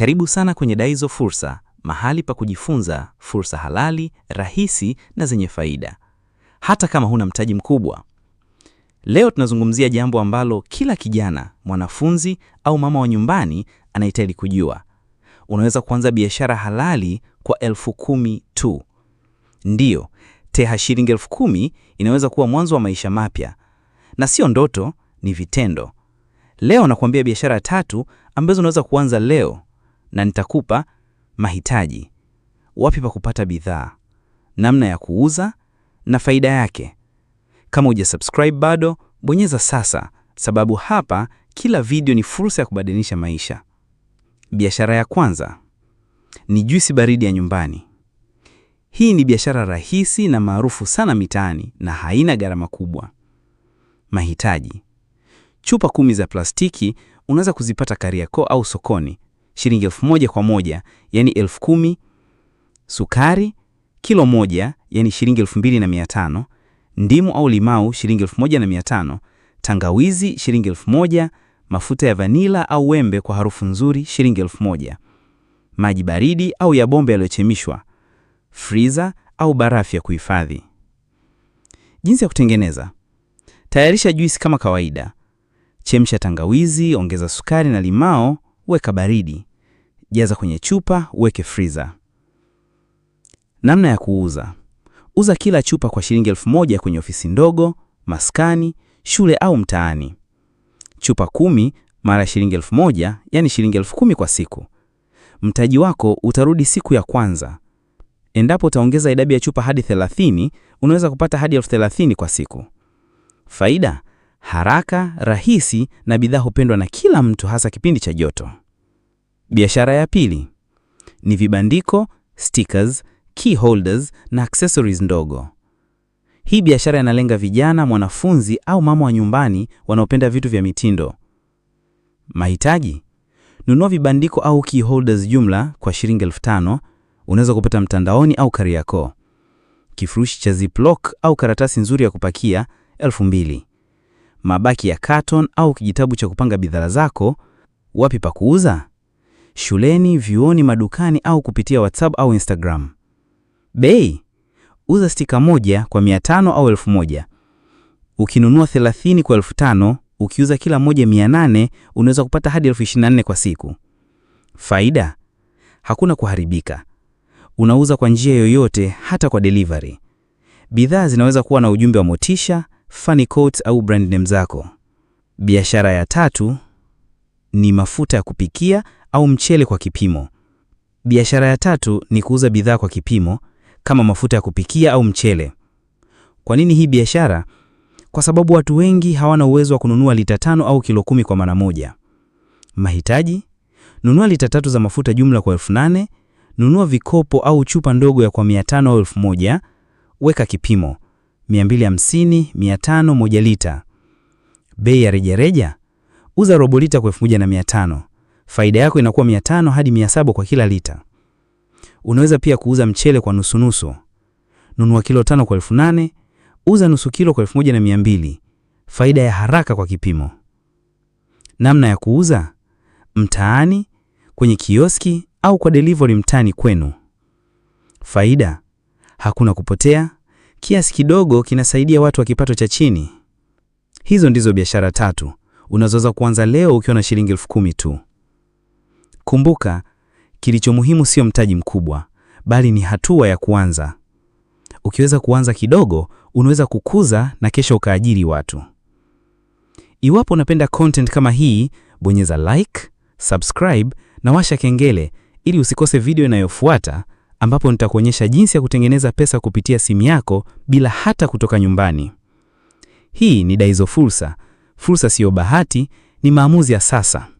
Karibu sana kwenye Daizo Fursa, mahali pa kujifunza fursa halali, rahisi na zenye faida, hata kama huna mtaji mkubwa. Leo tunazungumzia jambo ambalo kila kijana, mwanafunzi au mama wa nyumbani anahitaji kujua. Unaweza kuanza biashara halali kwa elfu kumi tu. Ndiyo, TEHA shilingi elfu kumi inaweza kuwa mwanzo wa maisha mapya, na sio ndoto, ni vitendo. Leo nakuambia biashara tatu ambazo unaweza kuanza leo na nitakupa mahitaji, wapi pa kupata bidhaa, namna ya kuuza na faida yake. Kama hujasubscribe bado, bonyeza sasa, sababu hapa kila video ni fursa ya kubadilisha maisha. Biashara ya kwanza ni juisi baridi ya nyumbani. Hii ni biashara rahisi na maarufu sana mitaani na haina gharama kubwa. Mahitaji: chupa kumi za plastiki unaweza kuzipata Kariakoo au sokoni shilingi elfu moja kwa moja, yani elfu kumi sukari kilo moja, yani shilingi elfu mbili na mia tano ndimu au limau shilingi elfu moja na mia tano tangawizi shilingi elfu moja mafuta ya vanila au wembe kwa harufu nzuri shilingi elfu moja maji baridi au ya bombe yaliyochemishwa, friza au barafu ya kuhifadhi. Jinsi ya kutengeneza: tayarisha juisi kama kawaida, chemsha tangawizi, ongeza sukari na limao weka baridi, jaza kwenye chupa, weke freezer. Namna ya kuuza: uza kila chupa kwa shilingi elfu moja kwenye ofisi ndogo, maskani, shule au mtaani. Chupa kumi mara shilingi elfu moja yani shilingi elfu kumi kwa siku. Mtaji wako utarudi siku ya kwanza. Endapo utaongeza idadi ya chupa hadi 30, unaweza kupata hadi elfu thelathini kwa siku. Faida: haraka, rahisi na bidhaa hupendwa na kila mtu, hasa kipindi cha joto. Biashara ya pili ni vibandiko, stickers, key holders na accessories ndogo. Hii biashara inalenga vijana, mwanafunzi au mama wa nyumbani wanaopenda vitu vya mitindo. Mahitaji: nunua vibandiko au key holders jumla kwa shilingi elfu tano. Unaweza kupata mtandaoni au Kariakoo. Kifurushi cha ziplock au karatasi nzuri ya kupakia elfu mbili mabaki ya carton au kijitabu cha kupanga bidhaa zako. Wapi pa kuuza? Shuleni, vyuoni, madukani au kupitia WhatsApp au Instagram. Bei: uza stika moja kwa 500 au 1000. Ukinunua 30 kwa 5000, ukiuza kila moja 800, unaweza kupata hadi 24 kwa siku. Faida: hakuna kuharibika. Unauza kwa njia yoyote, hata kwa delivery. Bidhaa zinaweza kuwa na ujumbe wa motisha funny quotes au brand name zako. Biashara ya tatu ni mafuta ya kupikia au mchele kwa kipimo. Biashara ya tatu ni kuuza bidhaa kwa kipimo kama mafuta ya kupikia au mchele. Kwa nini hii biashara? Kwa sababu watu wengi hawana uwezo wa kununua lita tano au kilo kumi kwa mara moja. Mahitaji: nunua lita tatu za mafuta jumla kwa elfu nane. Nunua vikopo au chupa ndogo ya kwa mia tano au elfu moja. Weka kipimo. 250, 500, moja lita. Bei ya rejareja, uza robo lita kwa 1500. Faida yako inakuwa 500 hadi 700 kwa kila lita. Unaweza pia kuuza mchele kwa nusu nusu. Nunua kilo tano kwa 1800, uza nusu kilo kwa 1200. Faida ya haraka kwa kipimo. Namna ya kuuza: mtaani, kwenye kioski au kwa delivery mtaani kwenu. Faida: hakuna kupotea, Kiasi kidogo kinasaidia watu wa kipato cha chini. Hizo ndizo biashara tatu unazoweza kuanza leo ukiwa na shilingi elfu kumi tu. Kumbuka, kilicho muhimu sio mtaji mkubwa, bali ni hatua ya kuanza. Ukiweza kuanza kidogo, unaweza kukuza na kesho ukaajiri watu. Iwapo unapenda content kama hii, bonyeza like, subscribe na washa kengele ili usikose video inayofuata ambapo nitakuonyesha jinsi ya kutengeneza pesa kupitia simu yako bila hata kutoka nyumbani. Hii ni Daizo Fursa. Fursa siyo bahati, ni maamuzi ya sasa.